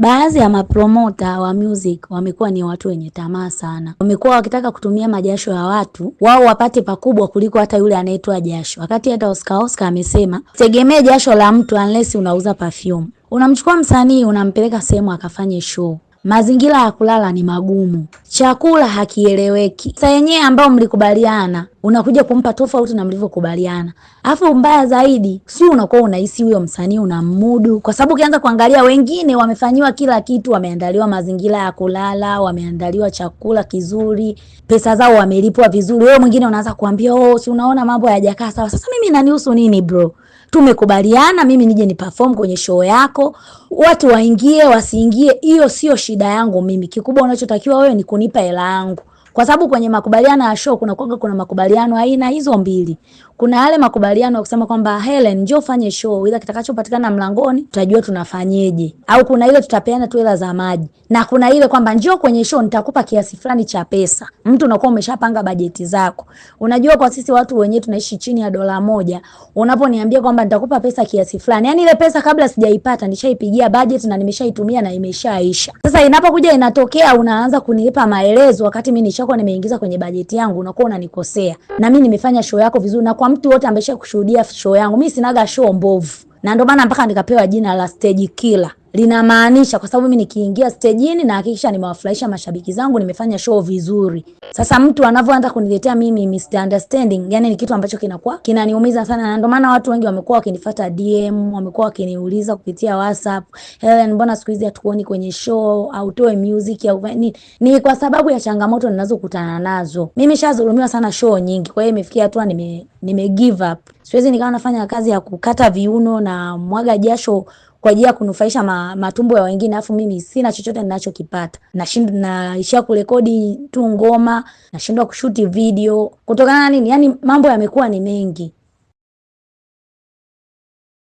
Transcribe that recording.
Baadhi ya mapromota wa music wamekuwa ni watu wenye tamaa sana, wamekuwa wakitaka kutumia majasho ya watu wao wapate pakubwa kuliko hata yule anayetoa jasho, wakati hata Oscar Oscar amesema tegemee jasho la mtu unless unauza perfume. Unamchukua msanii unampeleka sehemu akafanye show mazingira ya kulala ni magumu, chakula hakieleweki. Sasa yenyewe ambao mlikubaliana unakuja kumpa tofauti na mlivyokubaliana, afu mbaya zaidi, si unakuwa unahisi huyo msanii unammudu, kwa sababu ukianza kuangalia wengine wamefanyiwa kila kitu, wameandaliwa mazingira ya kulala, wameandaliwa chakula kizuri, pesa zao wamelipwa vizuri, wewe mwingine unaanza kuambia oh, si unaona mambo hayajakaa sawa. Sasa mimi nanihusu nini bro? tumekubaliana mimi nije ni perform kwenye show yako, watu waingie wasiingie, hiyo sio shida yangu mimi. Kikubwa unachotakiwa wewe ni kunipa hela yangu. Kwa sababu kwenye makubaliano ya show kuna kuwaga kuna makubaliano aina hizo mbili. Kuna yale makubaliano ya kusema kwamba Helen njoo fanye show ila kitakachopatikana mlangoni tutajua tunafanyeje. Au kuna ile tutapeana tu hela za maji. Na kuna ile kwamba njoo kwenye show nitakupa kiasi fulani cha pesa. Mtu unakuwa umeshapanga bajeti zako. Unajua kwa sisi watu wenyewe tunaishi chini ya dola moja. Unaponiambia kwamba nitakupa pesa kiasi fulani. Yaani ile pesa kabla sijaipata nishaipigia bajeti na nimeshaitumia na imeshaisha. Sasa inapokuja inatokea unaanza kunilipa maelezo wakati mimi nimeshakuwa nimeingiza kwenye bajeti yangu, unakuwa unanikosea. Na mimi nimefanya show yako vizuri, na kwa mtu wote ambaye ameshakushuhudia show yangu, mimi sinaga show mbovu, na ndio maana mpaka nikapewa jina la stage killer linamaanisha kwa sababu mimi nikiingia stejini na hakikisha nimewafurahisha mashabiki zangu, nimefanya show vizuri. Sasa mtu anavyoanza kuniletea mimi misunderstanding, yani ni kitu ambacho kinakuwa kinaniumiza sana, na ndio maana watu wengi wamekuwa wakinifuata DM, wamekuwa wakiniuliza kupitia WhatsApp, Helen, mbona siku hizi hatukuoni kwenye show au toe music au ni, ni kwa sababu ya changamoto ninazokutana nazo. Mimi shazulumiwa sana show nyingi, kwa hiyo imefikia hatua nime, nime give up. Siwezi nikawa nafanya kazi ya kukata viuno na mwaga jasho kwa ajili ya kunufaisha ma, matumbo ya wengine, afu mimi sina chochote ninachokipata, nashindwa naishia kurekodi tu ngoma, nashindwa kushuti video kutokana na nini? Yani mambo yamekuwa ni mengi.